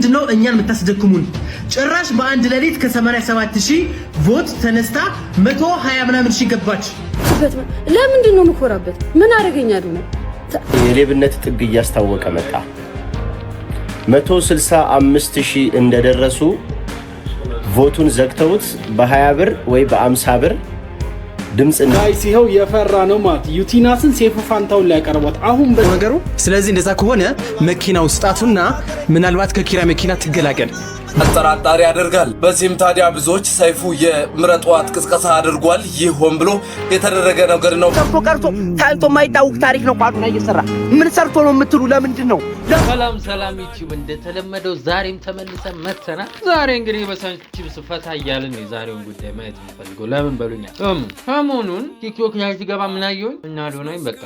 ምንድነው እኛን የምታስደክሙን? ጭራሽ በአንድ ሌሊት ከ87 ሺህ ቮት ተነስታ 120 ምናምን ሺህ ገባች። ለምንድን ነው የምኮራበት? ምን አደረገኛሉ ነው? የሌብነት ጥግ እያስታወቀ መጣ። 165 ሺህ እንደደረሱ ቮቱን ዘግተውት በ20 ብር ወይ በ50 ብር ድምጽ ጋይስ የፈራ ነው ማለት ዩቲናስን ሴፉ ፋንታውን ላይ ያቀርቧት አሁን በነገሩ። ስለዚህ እንደዛ ከሆነ መኪናው ስጣቱና ምናልባት ከኪራይ መኪና ትገላገል። አጠራጣሪ ያደርጋል። በዚህም ታዲያ ብዙዎች ሰይፉ የምረጡ ቅስቀሳ አድርጓል፣ ይህ ሆን ብሎ የተደረገ ነገር ነው፣ ሰርቶ ቀርቶ ታይቶ የማይታወቅ ታሪክ ነው፣ ቋዱና እየሰራ ምን ሰርቶ ነው የምትሉ ለምንድን ነው? ሰላም ሰላም፣ ዩቲዩብ እንደተለመደው ዛሬም ተመልሰን መጥተናል። ዛሬ እንግዲህ በሳንቺፕስ ፈታ እያልን ነው የዛሬውን ጉዳይ ማየት የምፈልገው። ለምን በሉኛል። ሰሞኑን ቲክቶክ ላይ ሲገባ ምናየሁኝ እና አዶናይም በቃ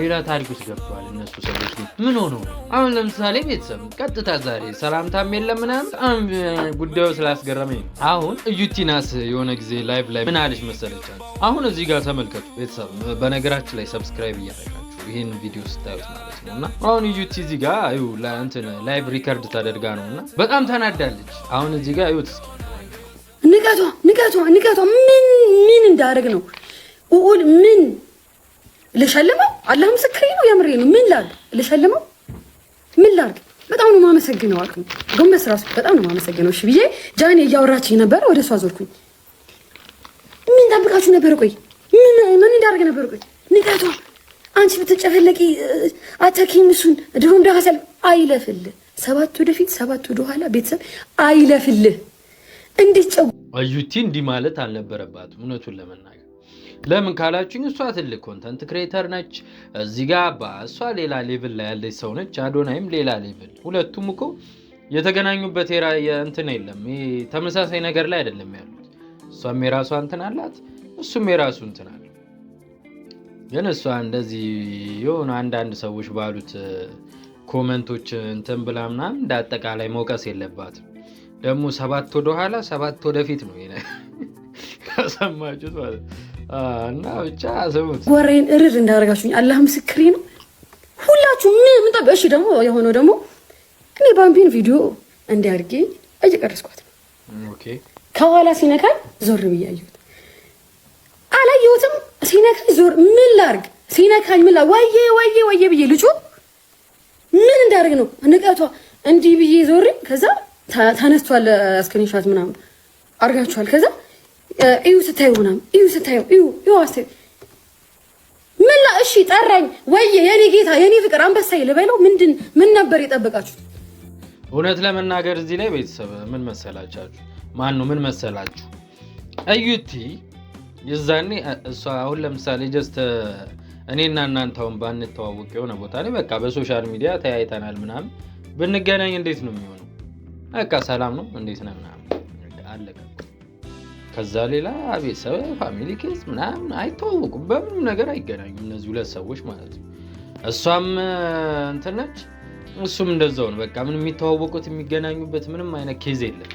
ሌላ ታሪክ ውስጥ ገብተዋል እነሱ ሰዎች። ምን ሆነው አሁን ለምሳሌ ቤተሰብ ቀጥታ ዛሬ ሰላምታም የለም ምናምን ጉዳዩ ስላስገረመኝ አሁን እዩቲናስ የሆነ ጊዜ ላይቭ ላይ ምን አለች መሰለች አሁን እዚህ ጋር ተመልከቱ ቤተሰብ በነገራችን ላይ ሰብስክራይብ እያደረጋችሁ ይህን ቪዲዮ ስታዩት ማለት ነው እና አሁን ዩቲ እዚህ ጋር ላይቭ ሪከርድ ተደርጋ ነው እና በጣም ተናዳለች አሁን እዚህ ጋር ዩት ንቀቷ ንቀቷ ንቀቷ ምን ምን እንዳደረግ ነው ኡኡል ምን ልሸልመው አላህ ምስክሬ ነው የምሬ ነው ምን ላድርግ ልሸልመው ምን ላድርግ በጣም ነው ማመሰግነው አልኩኝ። ጎንበስ ራሱ በጣም ነው ማመሰግነው። እሺ ብዬ ጃኔ እያወራችኝ ነበረ፣ ወደ እሷ ዞርኩኝ። ምን ጠብቃችሁ ነበር? ቆይ ምን ምን እንዳደርግ ነበር? ቆይ ንጋቷ አንቺ ብትጨፈለቂ አታኪም እሱን ድሮ ዳሰል አይለፍልህ ሰባት ወደፊት ሰባት ወደኋላ ቤተሰብ አይለፍልህ። እንዴት ጨው አዩቲ እንዲህ ማለት አልነበረባትም እውነቱን ለመናገር ለምን ካላችሁኝ እሷ ትልቅ ኮንተንት ክሬተር ነች። እዚህ ጋ በእሷ ሌላ ሌቭል ላይ ያለች ሰው ነች። አዶናይም ሌላ ሌቭል። ሁለቱም እኮ የተገናኙበት እንትን የለም። ተመሳሳይ ነገር ላይ አይደለም ያሉት። እሷም የራሷ እንትን አላት፣ እሱም የራሱ እንትን አለ። ግን እሷ እንደዚህ የሆኑ አንዳንድ ሰዎች ባሉት ኮመንቶች እንትን ብላ ምናምን እንደ አጠቃላይ መውቀስ የለባትም። ደግሞ ሰባት ወደኋላ ሰባት ወደፊት ነው ከሰማችሁት ማለት ነው። እና ብቻ ስሙት፣ ወሬን እርር እንዳደረጋችሁኝ አላህ ምስክሬ ነው። ሁላችሁ ምን ምንጠበ እሺ፣ ደግሞ የሆነው ደግሞ እኔ ባምቢን ቪዲዮ እንዲያድርጌ እየቀረስኳት ነው። ከኋላ ሲነካኝ ዞር ብዬ አየሁት። አላየሁትም። ሲነካኝ ዞር ምን ላርግ? ሲነካኝ ምን ላርግ? ወየ ወየ ወዬ ብዬ ልጩ ምን እንዳደርግ ነው ንቀቷ። እንዲህ ብዬ ዞር፣ ከዛ ተነስቷል። ስክሪንሻት ምናምን አርጋችኋል። ከዛ እዩ ስታዩ ምናምን እዩ ስታዩ እዩ እዩ አስቴ ምን ላ እሺ ጠራኝ ወይ የኔ ጌታ የኔ ፍቅር አንበሳዬ ልበለው ምንድን ምን ነበር የጠበቃችሁት? እውነት ለመናገር እዚህ ላይ ቤተሰብ ምን መሰላቻችሁ? ማን ነው ምን መሰላችሁ? እዩቲ የዛኔ እሷ አሁን ለምሳሌ ጀስት እኔና እናንተውን ባንተዋወቅ የሆነ ቦታ ላይ በቃ በሶሻል ሚዲያ ተያይተናል ምናምን ብንገናኝ እንዴት ነው የሚሆነው? በቃ ሰላም ነው እንዴት ነህ ምናምን አለቀ። ከዛ ሌላ ቤተሰብ ፋሚሊ ኬዝ ምናምን አይተዋወቁም፣ በምንም ነገር አይገናኙም እነዚህ ሁለት ሰዎች ማለት ነው። እሷም እንትን ነች፣ እሱም እንደዛው ነው። በቃ ምን የሚተዋወቁት የሚገናኙበት ምንም አይነት ኬዝ የለም።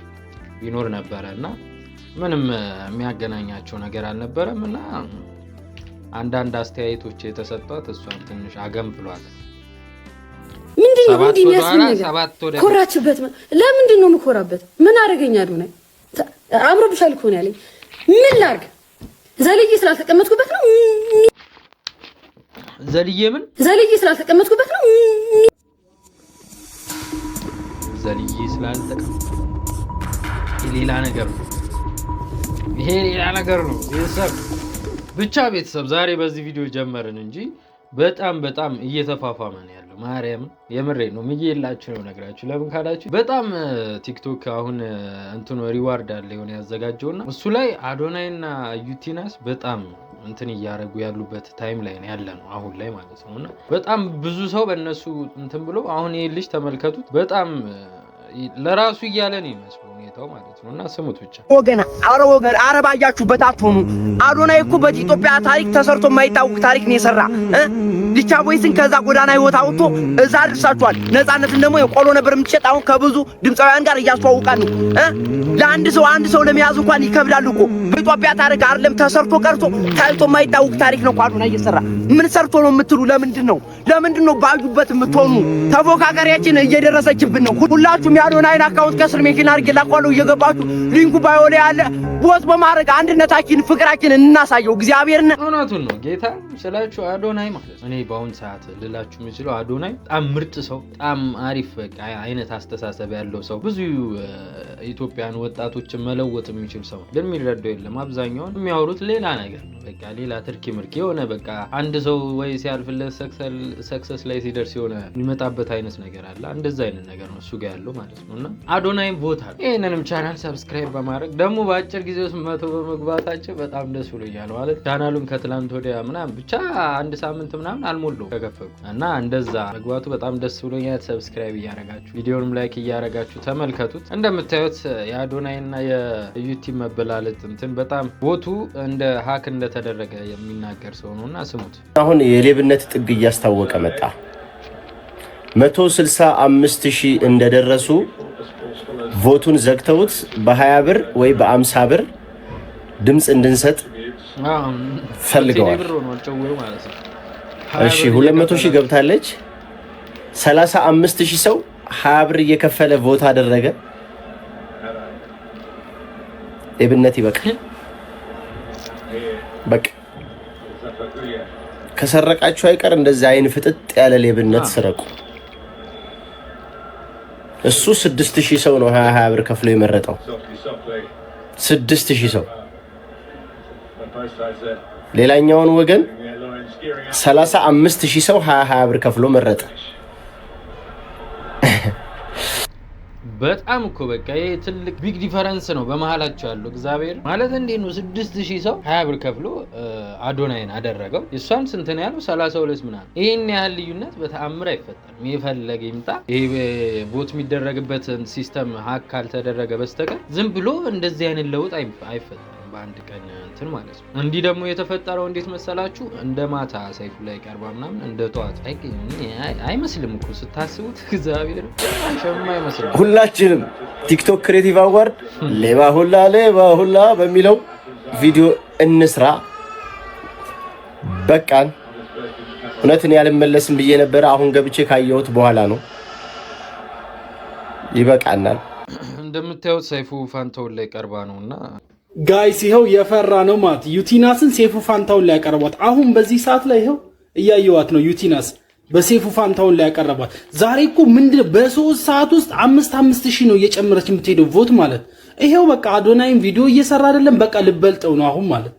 ቢኖር ነበረ እና ምንም የሚያገናኛቸው ነገር አልነበረም እና አንዳንድ አስተያየቶች የተሰጧት እሷን ትንሽ አገም ብሏል። ምንድን ነው ሰባት ወደ ኮራችበት። ለምንድን ነው የምኮራበት? ምን አደረገኝ አሉ አምሮብሻል እኮ ነው ያለኝ። ምን ላድርግ? ዘልዬ ስላልተቀመጥኩበት ነው ዘልዬ ምን ዘልዬ ስላልተቀመጥኩበት ነው ዘልዬ ስላልተቀመጥኩ ሌላ ነገር ነው። ይሄ ሌላ ነገር ነው። ቤተሰብ ብቻ ቤተሰብ ዛሬ በዚህ ቪዲዮ ጀመርን እንጂ በጣም በጣም እየተፋፋመ ነው ያለው። ማርያም የምሬ ነው ምዬ የላችሁ ነው ነግራችሁ። ለምን ካላችሁ በጣም ቲክቶክ አሁን እንትኑ ሪዋርድ አለ የሆነ ያዘጋጀውና እሱ ላይ አዶናይ እና ዩቲናስ በጣም እንትን እያደረጉ ያሉበት ታይም ላይ ነው ያለ ነው አሁን ላይ ማለት ነው። እና በጣም ብዙ ሰው በእነሱ እንትን ብሎ አሁን ይህ ልጅ ተመልከቱት፣ በጣም ለራሱ እያለን ይመስሉ ሁኔታው ማለት ነው። እና ስሙት ብቻ ወገና፣ አረ ወገን፣ አረ ባያችሁበት አትሆኑ። አዶናይ እኮ በኢትዮጵያ ታሪክ ተሰርቶ የማይታወቅ ታሪክ ነው የሰራ። ዲቻ ቦይስን ከዛ ጎዳና ህይወት አውጥቶ እዛ አድርሳችኋል። ነፃነትን ደግሞ የቆሎ ነበር የምትሸጥ አሁን ከብዙ ድምፃውያን ጋር እያስተዋውቃን ነው። ለአንድ ሰው አንድ ሰው ለመያዝ እንኳን ይከብዳል እኮ በኢትዮጵያ ታሪክ አይደለም ተሰርቶ ቀርቶ ታይቶ የማይታወቅ ታሪክ ነው አዶናይ እየሰራ። ምን ሰርቶ ነው የምትሉ? ለምንድን ነው ለምንድን ነው ባዩበት የምትሆኑ? ተፎካካሪያችን እየደረሰችብን ነው። ሁላችሁም የአዶናይን አካውንት ከስር ሜሽን አድርጌ ላ? እላችኋለሁ። እየገባችሁ ሊንኩ ባዮ ላይ ያለ ቦት በማድረግ አንድነታችን፣ ፍቅራችን እናሳየው። እግዚአብሔርን እውነቱን ነው ጌታ ስላችሁ አዶናይ ማለት እኔ በአሁን ሰዓት ልላችሁ የምችለው አዶናይ በጣም ምርጥ ሰው፣ በጣም አሪፍ በቃ አይነት አስተሳሰብ ያለው ሰው፣ ብዙ ኢትዮጵያን ወጣቶችን መለወጥ የሚችል ሰው ግን የሚረዳው የለም። አብዛኛውን የሚያወሩት ሌላ ነገር ነው። በቃ ሌላ ትርኪ ምርኪ የሆነ በቃ አንድ ሰው ወይ ሲያልፍለት ሰክሰስ ላይ ሲደርስ የሆነ የሚመጣበት አይነት ነገር አለ። እንደዛ አይነት ነገር ነው እሱ ጋር ያለው ማለት ነው እና አዶናይም ቦታ ይህንን ይህንንም ቻናል ሰብስክራይብ በማድረግ ደግሞ በአጭር ጊዜ ውስጥ መቶ በመግባታቸው በጣም ደስ ብሎኛል። ማለት ቻናሉን ከትላንት ወዲያ ምናምን ብቻ አንድ ሳምንት ምናምን አልሞላውም ከከፈኩ እና እንደዛ መግባቱ በጣም ደስ ብሎኛል። ሰብስክራይብ እያረጋችሁ ቪዲዮንም ላይክ እያረጋችሁ ተመልከቱት። እንደምታዩት የአዶናይና የዩቲብ መበላለጥ እንትን በጣም ቦቱ እንደ ሀክ እንደተደረገ የሚናገር ሰው ነው እና ስሙት። አሁን የሌብነት ጥግ እያስታወቀ መጣ። መቶ6 አምስት ሺህ እንደደረሱ ቮቱን ዘግተውት በሀያ ብር ወይ በአምሳ ብር ድምፅ እንድንሰጥ ፈልገዋል። እሺ ሁለት መቶ ሺህ ገብታለች። ሰላሳ አምስት ሺህ ሰው ሀያ ብር እየከፈለ ቮት አደረገ። ሌብነት ይበቃል። በቃ ከሰረቃችሁ አይቀር እንደዚህ አይን ፍጥጥ ያለ ሌብነት ስረቁ። እሱ ስድስት ሺህ ሰው ነው ሀያ ሀያ ብር ከፍሎ የመረጠው ስድስት ሺህ ሰው። ሌላኛውን ወገን ሰላሳ አምስት ሺህ ሰው ሀያ ሀያ ብር ከፍሎ መረጠ። በጣም እኮ በቃ ይሄ ትልቅ ቢግ ዲፈረንስ ነው በመሀላቸው ያለው። እግዚአብሔር ማለት እንዴ ነው? ስድስት ሺህ ሰው ሀያ ብር ከፍሎ አዶናይን አደረገው። እሷም ስንት ነው ያለው? ሰላሳ ሁለት ምናምን። ይህን ያህል ልዩነት በተአምር አይፈጠርም። የፈለገ ይምጣ። ይሄ ቦት የሚደረግበትን ሲስተም ሀክ ካልተደረገ በስተቀር ዝም ብሎ እንደዚህ አይነት ለውጥ አይፈጠርም። በአንድ ቀን እንትን ማለት ነው። እንዲህ ደግሞ የተፈጠረው እንዴት መሰላችሁ? እንደ ማታ ሰይፉ ላይ ቀርባ ምናምን እንደ ጠዋት አይመስልም እኮ ስታስቡት፣ እግዚአብሔር ሸም አይመስልም። ሁላችንም ቲክቶክ ክሬቲቭ አዋርድ ሌባ ሁላ ሌባ ሁላ በሚለው ቪዲዮ እንስራ። በቃን። እውነትን ያልመለስም ብዬ ነበረ። አሁን ገብቼ ካየሁት በኋላ ነው። ይበቃናል። እንደምታዩት ሰይፉ ፋንታውን ላይ ቀርባ ነው እና ጋይስ ይኸው የፈራ ነው ማለት ዩቲናስን ሴፉ ፋንታውን ላይ ያቀረቧት። አሁን በዚህ ሰዓት ላይ ይኸው እያየዋት ነው። ዩቲናስ በሴፉ ፋንታውን ላይ ያቀረቧት። ዛሬ እኮ ምንድነው በሶስት ሰዓት ውስጥ አምስት አምስት ሺህ ነው እየጨመረች የምትሄደው ቮት ማለት ይሄው። በቃ አዶናይም ቪዲዮ እየሰራ አይደለም፣ በቃ ልበልጠው ነው አሁን ማለት።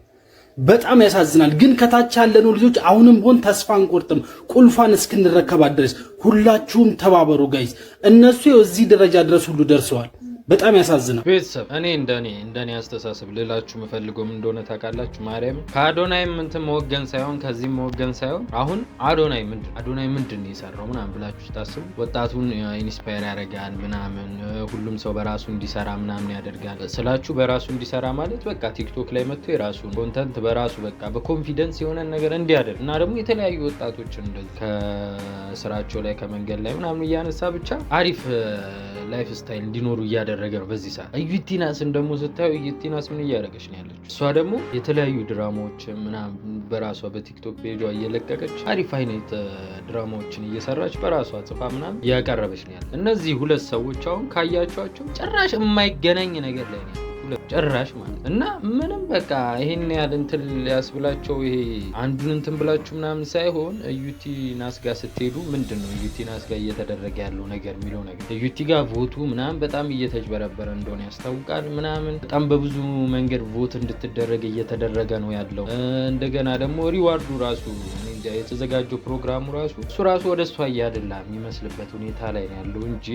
በጣም ያሳዝናል። ግን ከታች ያለነው ልጆች አሁንም ቢሆን ተስፋ አንቆርጥም፣ ቁልፏን እስክንረከባት ድረስ ሁላችሁም ተባበሩ ጋይስ። እነሱ እዚህ ደረጃ ድረስ ሁሉ ደርሰዋል። በጣም ያሳዝናል። ቤተሰብ እኔ እንደኔ እንደኔ አስተሳሰብ ልላችሁ የምፈልገውም እንደሆነ ታውቃላችሁ፣ ማርያም ከአዶናይ ምንትን መወገን ሳይሆን ከዚህም መወገን ሳይሆን አሁን አዶናይ ምንድን አዶናይ ምንድን የሰራው ምናምን ብላችሁ ስታስቡ ወጣቱን ኢንስፓየር ያደርጋል ምናምን ሁሉም ሰው በራሱ እንዲሰራ ምናምን ያደርጋል ስላችሁ በራሱ እንዲሰራ ማለት በቃ ቲክቶክ ላይ መጥቶ የራሱን ኮንተንት በራሱ በቃ በኮንፊደንስ የሆነን ነገር እንዲያደርግ እና ደግሞ የተለያዩ ወጣቶችን ከስራቸው ላይ ከመንገድ ላይ ምናምን እያነሳ ብቻ አሪፍ ላይፍ ስታይል እንዲኖሩ እያደረገ ነው። በዚህ ሰዓት ዩቲናስን ደግሞ ስታዩ ዩቲናስ ምን እያደረገች ነው ያለች? እሷ ደግሞ የተለያዩ ድራማዎች ምናምን በራሷ በቲክቶክ ፔጇ እየለቀቀች አሪፍ አይነት ድራማዎችን እየሰራች በራሷ ጽፋ ምናምን እያቀረበች ነው ያለ። እነዚህ ሁለት ሰዎች አሁን ካያቸዋቸው ጭራሽ የማይገናኝ ነገር ላይ ነው ጭራሽ ማለት እና ምንም በቃ ይሄን ያህል እንትን ሊያስብላቸው ይሄ አንዱን እንትን ብላችሁ ምናምን ሳይሆን እዩቲ ናስ ጋር ስትሄዱ ምንድን ነው እዩቲ ናስ ጋር እየተደረገ ያለው ነገር የሚለው ነገር እዩቲ ጋር ቮቱ ምናምን በጣም እየተጭበረበረ እንደሆነ ያስታውቃል። ምናምን በጣም በብዙ መንገድ ቮት እንድትደረግ እየተደረገ ነው ያለው። እንደገና ደግሞ ሪዋርዱ ራሱ የተዘጋጀው ፕሮግራሙ ራሱ እሱ ራሱ ወደ እሷ እያደላ የሚመስልበት ሁኔታ ላይ ነው ያለው እንጂ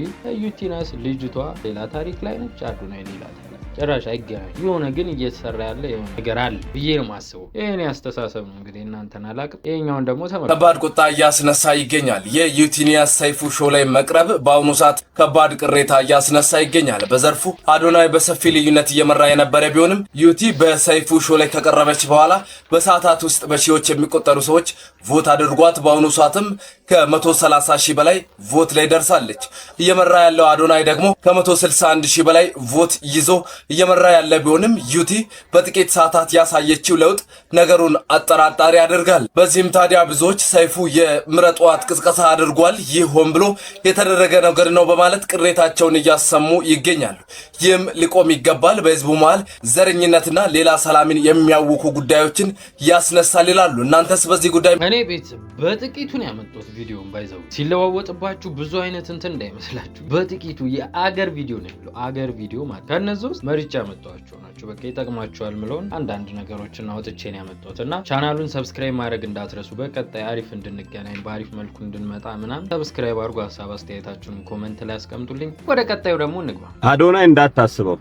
ዩቲ ናስ ልጅቷ ሌላ ታሪክ ላይ ነች። ነው ሌላ ታሪክ ጭራሽ አይገናኝ። የሆነ ግን እየተሰራ ያለ የሆነ ነገር አለ ብዬ ነው የማስበው። ይህን ያስተሳሰብ ነው እንግዲህ እናንተን አላቅም። ይሄኛውን ደግሞ ተመልከቱ። ከባድ ቁጣ እያስነሳ ይገኛል። የዩቲኒያስ ሰይፉ ሾው ላይ መቅረብ በአሁኑ ሰዓት ከባድ ቅሬታ እያስነሳ ይገኛል። በዘርፉ አዶናይ በሰፊ ልዩነት እየመራ የነበረ ቢሆንም ዩቲ በሰይፉ ሾው ላይ ከቀረበች በኋላ በሰዓታት ውስጥ በሺዎች የሚቆጠሩ ሰዎች ቮት አድርጓት በአሁኑ ሰዓትም ከ130 ሺህ በላይ ቮት ላይ ደርሳለች። እየመራ ያለው አዶናይ ደግሞ ከ161 ሺህ በላይ ቮት ይዞ እየመራ ያለ ቢሆንም ዩቲ በጥቂት ሰዓታት ያሳየችው ለውጥ ነገሩን አጠራጣሪ ያደርጋል። በዚህም ታዲያ ብዙዎች ሰይፉ የምረጥ ቅስቀሳ አድርጓል፣ ይህ ሆን ብሎ የተደረገ ነገር ነው በማለት ቅሬታቸውን እያሰሙ ይገኛሉ። ይህም ሊቆም ይገባል፣ በህዝቡ መሀል ዘረኝነትና ሌላ ሰላምን የሚያውኩ ጉዳዮችን ያስነሳል ይላሉ። እናንተስ በዚህ ጉዳይ? እኔ ቤት በጥቂቱን ያመጡት ቪዲዮን ባይዘው ሲለዋወጥባችሁ ብዙ አይነት እንትን እንዳይመስላችሁ በጥቂቱ የአገር ቪዲዮ ነው ያለው አገር ቪዲዮ ማለት ከነዚ ውስጥ መርጬ ያመጣኋቸው ናቸው። በቃ ይጠቅማቸዋል ምለውን አንዳንድ ነገሮችን አውጥቼን ያመጣሁት እና ቻናሉን ሰብስክራይብ ማድረግ እንዳትረሱ። በቀጣይ አሪፍ እንድንገናኝ በአሪፍ መልኩ እንድንመጣ ምናምን ሰብስክራይብ አድርጎ ሀሳብ አስተያየታችሁን ኮመንት ላይ አስቀምጡልኝ ወደ ቀጣዩ ደግሞ እንግባ። አዶናይ እንዳታስበው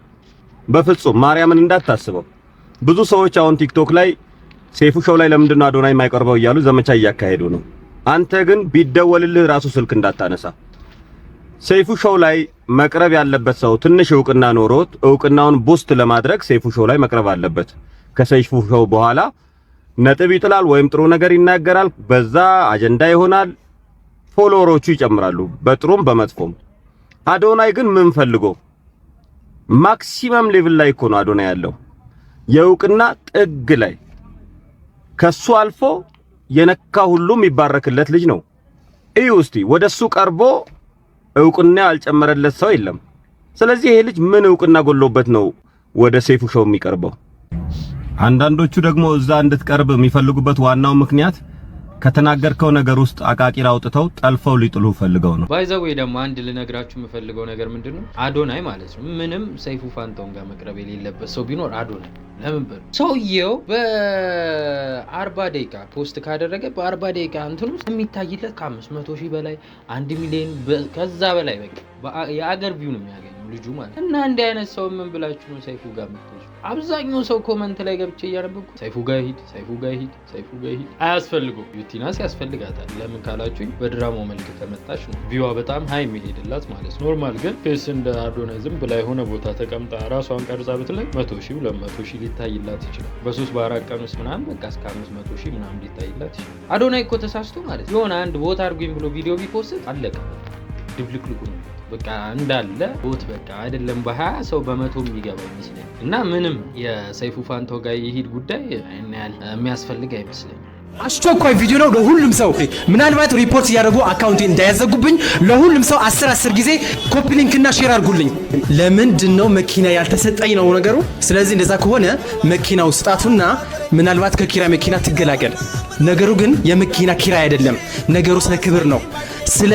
በፍጹም ማርያምን እንዳታስበው። ብዙ ሰዎች አሁን ቲክቶክ ላይ ሴፉ ሾው ላይ ለምንድን ነው አዶናይ የማይቀርበው እያሉ ዘመቻ እያካሄዱ ነው። አንተ ግን ቢደወልልህ ራሱ ስልክ እንዳታነሳ ሰይፉ ሾው ላይ መቅረብ ያለበት ሰው ትንሽ እውቅና ኖሮት እውቅናውን ቡስት ለማድረግ ሰይፉ ሾው ላይ መቅረብ አለበት። ከሰይፉ ሾው በኋላ ነጥብ ይጥላል ወይም ጥሩ ነገር ይናገራል። በዛ አጀንዳ ይሆናል። ፎሎወሮቹ ይጨምራሉ፣ በጥሩም በመጥፎም። አዶናይ ግን ምን ፈልጎ ማክሲመም ሌቭል ላይ እኮ ነው አዶናይ ያለው የእውቅና ጥግ ላይ ከሱ አልፎ የነካ ሁሉ የሚባረክለት ልጅ ነው። እዩ እስቲ ወደሱ ቀርቦ እውቅና ያልጨመረለት ሰው የለም። ስለዚህ ይሄ ልጅ ምን እውቅና ጎሎበት ነው ወደ ሴፉ ሾው የሚቀርበው? አንዳንዶቹ ደግሞ እዛ እንድትቀርብ የሚፈልጉበት ዋናው ምክንያት ከተናገርከው ነገር ውስጥ አቃቂር አውጥተው ጠልፈው ሊጥሉ ፈልገው ነው። ባይዘው ደግሞ አንድ ልነግራችሁ የምፈልገው ነገር ምንድነው፣ አዶናይ ማለት ነው ምንም ሰይፉ ፋንታውን ጋር መቅረብ የሌለበት ሰው ቢኖር አዶናይ ለምን በሉ ሰውየው በአርባ ደቂቃ ፖስት ካደረገ በአርባ ደቂቃ እንትን ውስጥ የሚታይለት ከአምስት መቶ ሺህ በላይ አንድ ሚሊዮን ከዛ በላይ በቃ የአገር ቪው ነው የሚያገኘው ልጁ ማለት እና እንዲህ አይነት ሰው ምን ብላችሁ ነው ሰይፉ ጋር አብዛኛው ሰው ኮመንት ላይ ገብቼ እያነበብኩ ሰይፉ ጋ ሂድ፣ ሰይፉ ጋ ሂድ፣ ሰይፉ ጋ ሂድ። አያስፈልገው ዩቲናስ ያስፈልጋታል። ለምን ካላችሁኝ በድራማው መልክ ከመጣች ነው ቪዋ በጣም ሀይ የሚሄድላት ማለት ነው። ኖርማል ግን ፌስ እንደ አዶናይ ዝም ብላ የሆነ ቦታ ተቀምጣ ራሷን ቀርጻ ብትለኝ መቶ ሺ ሁለት መቶ ሊታይላት ይችላል። በሶስት በአራት ቀን ውስጥ ምናምን በቃ እስከ አምስት መቶ ሺ ምናምን ሊታይላት ይችላል። አዶናይ እኮ ተሳስቶ ማለት የሆነ አንድ ቦታ አድርጎኝ ብሎ ቪዲዮ ቢፖስት አለቀ ድብልቅልቁ ነው። በቃ እንዳለ ቦት በቃ አይደለም በሀያ ሰው በመቶ የሚገባ ይመስለኝ እና ምንም የሰይፉ ፋንቶ ጋር የሂድ ጉዳይ ያህል የሚያስፈልግ አይመስለኝ። አስቸኳይ ቪዲዮ ነው ለሁሉም ሰው ምናልባት ሪፖርት እያደረጉ አካውንቴ እንዳያዘጉብኝ ለሁሉም ሰው አስር አስር ጊዜ ኮፒ ሊንክ ሼር አድርጉልኝ ለምንድን ነው መኪና ያልተሰጠኝ ነው ነገሩ ስለዚህ እንደዛ ከሆነ መኪናው ስጣቱና ምናልባት ከኪራይ መኪና ትገላገል ነገሩ ግን የመኪና ኪራይ አይደለም ነገሩ ስለ ክብር ነው ስለ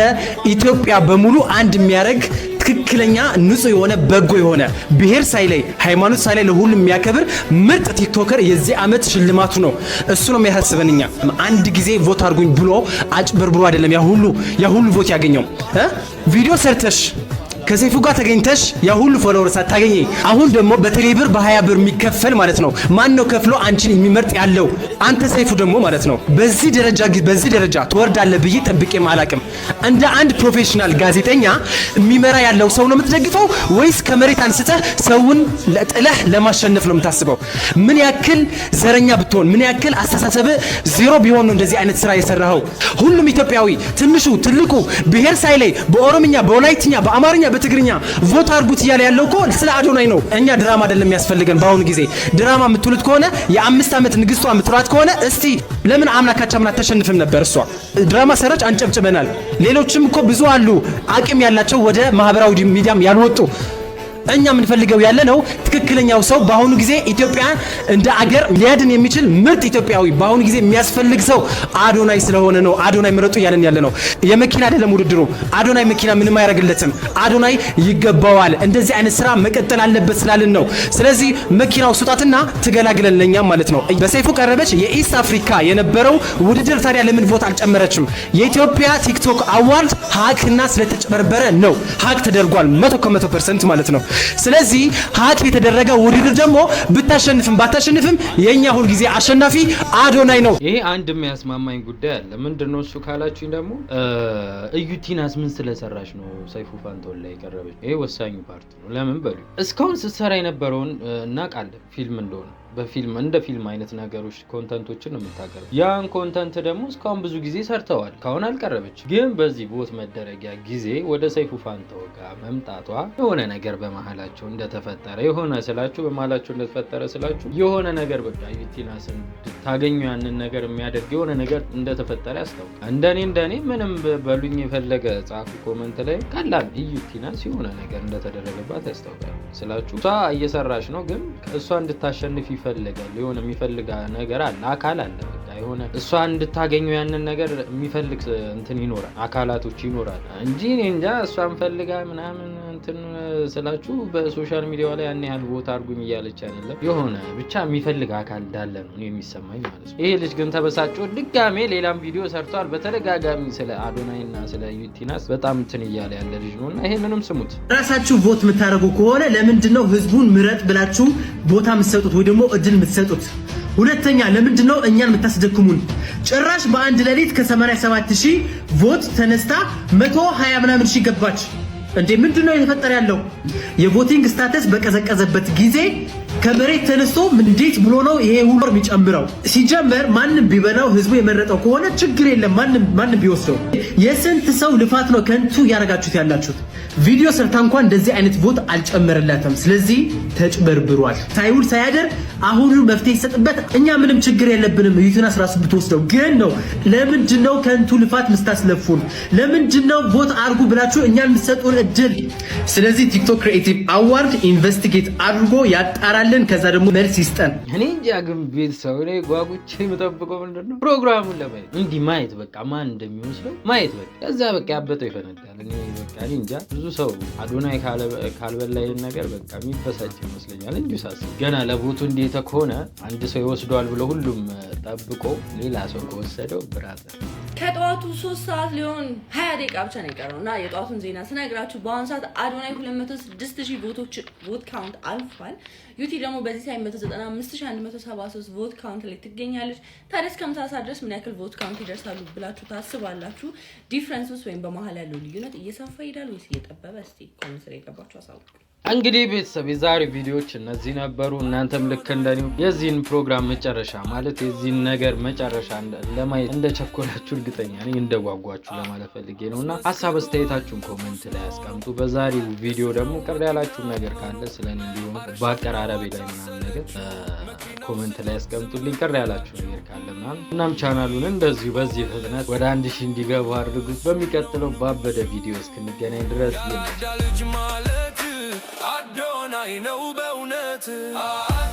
ኢትዮጵያ በሙሉ አንድ የሚያደርግ ትክክለኛ ንጹህ የሆነ በጎ የሆነ ብሔር ሳይለይ ሃይማኖት ሳይለይ ለሁሉም የሚያከብር ምርጥ ቲክቶከር የዚህ ዓመት ሽልማቱ ነው። እሱ ነው የሚያሳስበን እኛ። አንድ ጊዜ ቮት አድርጉኝ ብሎ አጭበርብሮ አይደለም ያ ሁሉ ያ ሁሉ ቮት ያገኘው ቪዲዮ ሰርተሽ ከሴፉ ጋር ተገኝተሽ ያ ሁሉ ፎሎወርስ ሳታገኝ አሁን ደግሞ በቴሌ ብር በሀያ ብር የሚከፈል ማለት ነው። ማን ነው ከፍሎ አንቺን የሚመርጥ ያለው? አንተ ሰይፉ ደግሞ ማለት ነው። በዚህ ደረጃ በዚህ ደረጃ ትወርዳለ ብዬ ጠብቄም አላቅም። እንደ አንድ ፕሮፌሽናል ጋዜጠኛ የሚመራ ያለው ሰው ነው የምትደግፈው ወይስ ከመሬት አንስተህ ሰውን ጥለህ ለማሸነፍ ነው የምታስበው? ምን ያክል ዘረኛ ብትሆን፣ ምን ያክል አስተሳሰብ ዜሮ ቢሆን ነው እንደዚህ አይነት ስራ የሰራኸው? ሁሉም ኢትዮጵያዊ ትንሹ ትልቁ ብሔር ሳይለይ በኦሮምኛ፣ በወላይትኛ፣ በአማርኛ በትግርኛ ቮት አድርጉት እያለ ያለው እኮ ስለ አዶናይ ነው። እኛ ድራማ አይደለም የሚያስፈልገን በአሁኑ ጊዜ። ድራማ የምትውሉት ከሆነ የአምስት ዓመት ንግስቷ የምትሏት ከሆነ እስቲ ለምን አምላካቻ ምን አተሸንፍም ነበር እሷ ድራማ ሰራች፣ አንጨብጭበናል። ሌሎችም እኮ ብዙ አሉ አቅም ያላቸው ወደ ማህበራዊ ሚዲያም ያልወጡ እኛ የምንፈልገው ያለ ነው ትክክለኛው ሰው በአሁኑ ጊዜ ኢትዮጵያ እንደ አገር ሊያድን የሚችል ምርጥ ኢትዮጵያዊ በአሁኑ ጊዜ የሚያስፈልግ ሰው አዶናይ ስለሆነ ነው። አዶናይ ምረጡ እያለን ያለ ነው። የመኪና አይደለም ውድድሩ። አዶናይ መኪና ምንም አያደርግለትም። አዶናይ ይገባዋል። እንደዚህ አይነት ስራ መቀጠል አለበት ስላልን ነው። ስለዚህ መኪናው ስጣትና ትገላግለን ለኛ ማለት ነው። በሰይፉ ቀረበች የኢስት አፍሪካ የነበረው ውድድር ታዲያ ለምን ቦታ አልጨመረችም? የኢትዮጵያ ቲክቶክ አዋርድ ሀቅና ስለተጨበረበረ ነው። ሀቅ ተደርጓል መቶ ከመቶ ፐርሰንት ማለት ነው። ስለዚህ ሀጥ የተደረገ ውድድር ደግሞ ብታሸንፍም ባታሸንፍም የእኛ ሁልጊዜ አሸናፊ አዶናይ ነው። ይሄ አንድ የሚያስማማኝ ጉዳይ አለ። ምንድን ነው እሱ ካላችሁኝ ደግሞ እዩ ቲናስ ምን ስለሰራች ነው ሰይፉ ፋንቶን ላይ የቀረበች? ይሄ ወሳኙ ፓርት ነው። ለምን በሉ እስካሁን ስትሰራ የነበረውን እናውቃለን ፊልም እንደሆነ በፊልም እንደ ፊልም አይነት ነገሮች ኮንተንቶችን የምታቀርብ ያን ኮንተንት ደግሞ እስካሁን ብዙ ጊዜ ሰርተዋል። ካሁን አልቀረበች ግን በዚህ ቦት መደረጊያ ጊዜ ወደ ሰይፉ ፋንታው ጋር መምጣቷ የሆነ ነገር በመሀላቸው እንደተፈጠረ የሆነ ስላችሁ በመሀላቸው እንደተፈጠረ ስላችሁ የሆነ ነገር በቃ ዩቲናስን ታገኙ ያንን ነገር የሚያደርግ የሆነ ነገር እንደተፈጠረ ያስታውቃል። እንደኔ እንደኔ ምንም በሉኝ የፈለገ ጻፉ ኮመንት ላይ ቀላል ዩቲናስ የሆነ ነገር እንደተደረገባት ያስታውቃል ስላችሁ እሷ እየሰራች ነው ግን እሷ እንድታሸንፍ ይፈልጋል የሆነ የሚፈልጋ ነገር አለ አካል አለ የሆነ እሷ እንድታገኘው ያንን ነገር የሚፈልግ እንትን ይኖራል፣ አካላቶች ይኖራል እንጂ እኔ እንጃ እሷን ፈልጋ ምናምን እንትን ስላችሁ በሶሻል ሚዲያ ላይ ያን ያህል ቦታ አድርጉኝ እያለች አይደለም። የሆነ ብቻ የሚፈልግ አካል እንዳለ ነው የሚሰማኝ ማለት ነው። ይሄ ልጅ ግን ተበሳጭ ድጋሜ ሌላም ቪዲዮ ሰርቷል። በተደጋጋሚ ስለ አዶናይ እና ስለ ዩቲናስ በጣም እንትን እያለ ያለ ልጅ ነው እና ይሄንንም ስሙት። ራሳችሁ ቮት የምታደርጉ ከሆነ ለምንድን ነው ህዝቡን ምረጥ ብላችሁ ቦታ የምትሰጡት ወይ ደግሞ እድል የምትሰጡት? ሁለተኛ ለምንድን ነው እኛን የምታስደክሙን? ጭራሽ በአንድ ሌሊት ከ87 ሺህ ቮት ተነስታ 120 ምናምን ሺህ ገባች። እንዴ ምንድን ነው የተፈጠረ ያለው? የቮቲንግ ስታተስ በቀዘቀዘበት ጊዜ ከመሬት ተነስቶ እንዴት ብሎ ነው ይሄ ሁሉ የሚጨምረው? ሲጀመር ማንም ቢበላው ህዝቡ የመረጠው ከሆነ ችግር የለም። ማንም ቢወስደው የስንት ሰው ልፋት ነው ከንቱ እያደረጋችሁት ያላችሁት። ቪዲዮ ሰርታ እንኳን እንደዚህ አይነት ቦት አልጨመረላትም። ስለዚህ ተጭበርብሯል። ሳይውል ሳያደር አሁኑ መፍትሄ ይሰጥበት። እኛ ምንም ችግር የለብንም። ዩቱን ራሱ ብትወስደው ግን ነው ለምንድን ነው ከንቱ ልፋት ምስታስለፉን? ለምንድን ነው ቦት አርጉ ብላችሁ እኛን የምትሰጡን እድል? ስለዚህ ቲክቶክ ክሪኤቲቭ አዋርድ ኢንቨስቲጌት አድርጎ ያጣራል። ያለን ከዛ ደግሞ መልስ ይስጠን። እኔ እንጃ ግን ቤተሰብ ላይ ጓጉቼ የምጠብቀው ምንድን ነው ፕሮግራሙን ለማየት እንዲህ ማየት በቃ ማን እንደሚመስለው ማየት በቃ ከዛ በቃ ያበጠው ይፈነዳል። በቃ እንጃ ብዙ ሰው አዶናይ ካልበላይን ነገር በቃ የሚበሳጭ ይመስለኛል። እንዲሁ ሳስብ ገና ለቦቱ እንዴተ ከሆነ አንድ ሰው ይወስደዋል ብሎ ሁሉም ጠብቆ ሌላ ሰው ከወሰደው ብራዘር ከጠዋቱ ሶስት ሰዓት ሊሆን ሀያ ደቂቃ ብቻ ነው የቀረው እና የጠዋቱን ዜና ስነግራችሁ በአሁኑ ሰዓት አዶናይ 206ሺህ ቮቶች ቮት ካውንት አልፏል። ዩቲ ደግሞ በዚህ ሳይ 195173 ቮት ካውንት ላይ ትገኛለች። ታዲያ እስከ ምሳ ሰዓት ድረስ ምን ያክል ቮት ካውንት ይደርሳሉ ብላችሁ ታስባላችሁ? ዲፍረንስ ውስጥ ወይም በመሀል ያለው ልዩነት እየሰፋ ይሄዳል ወይስ እየጠበበ? እስኪ ኮሜንት ላይ የገባችሁ አሳውቁ። እንግዲህ ቤተሰብ የዛሬ ቪዲዮዎች እነዚህ ነበሩ። እናንተም ልክ እንደኔው የዚህን ፕሮግራም መጨረሻ ማለት የዚህን ነገር መጨረሻ ለማየት እንደቸኮላችሁ እርግጠኛ ነኝ፣ እንደጓጓችሁ ለማለት ፈልጌ ነው እና ሀሳብ አስተያየታችሁን ኮመንት ላይ ያስቀምጡ። በዛሬው ቪዲዮ ደግሞ ቅር ያላችሁ ነገር ካለ ስለ እኔ በአቀራረቤ ላይ ምናምን ነገር ኮመንት ላይ ያስቀምጡልኝ፣ ቅር ያላችሁ ነገር ካለ ምናምን። እናም ቻናሉን እንደዚሁ በዚህ ፍጥነት ወደ አንድ ሺህ እንዲገባ አድርጉት። በሚቀጥለው ባበደ ቪዲዮ እስክንገናኝ ድረስ አዶናይ ነው በእውነት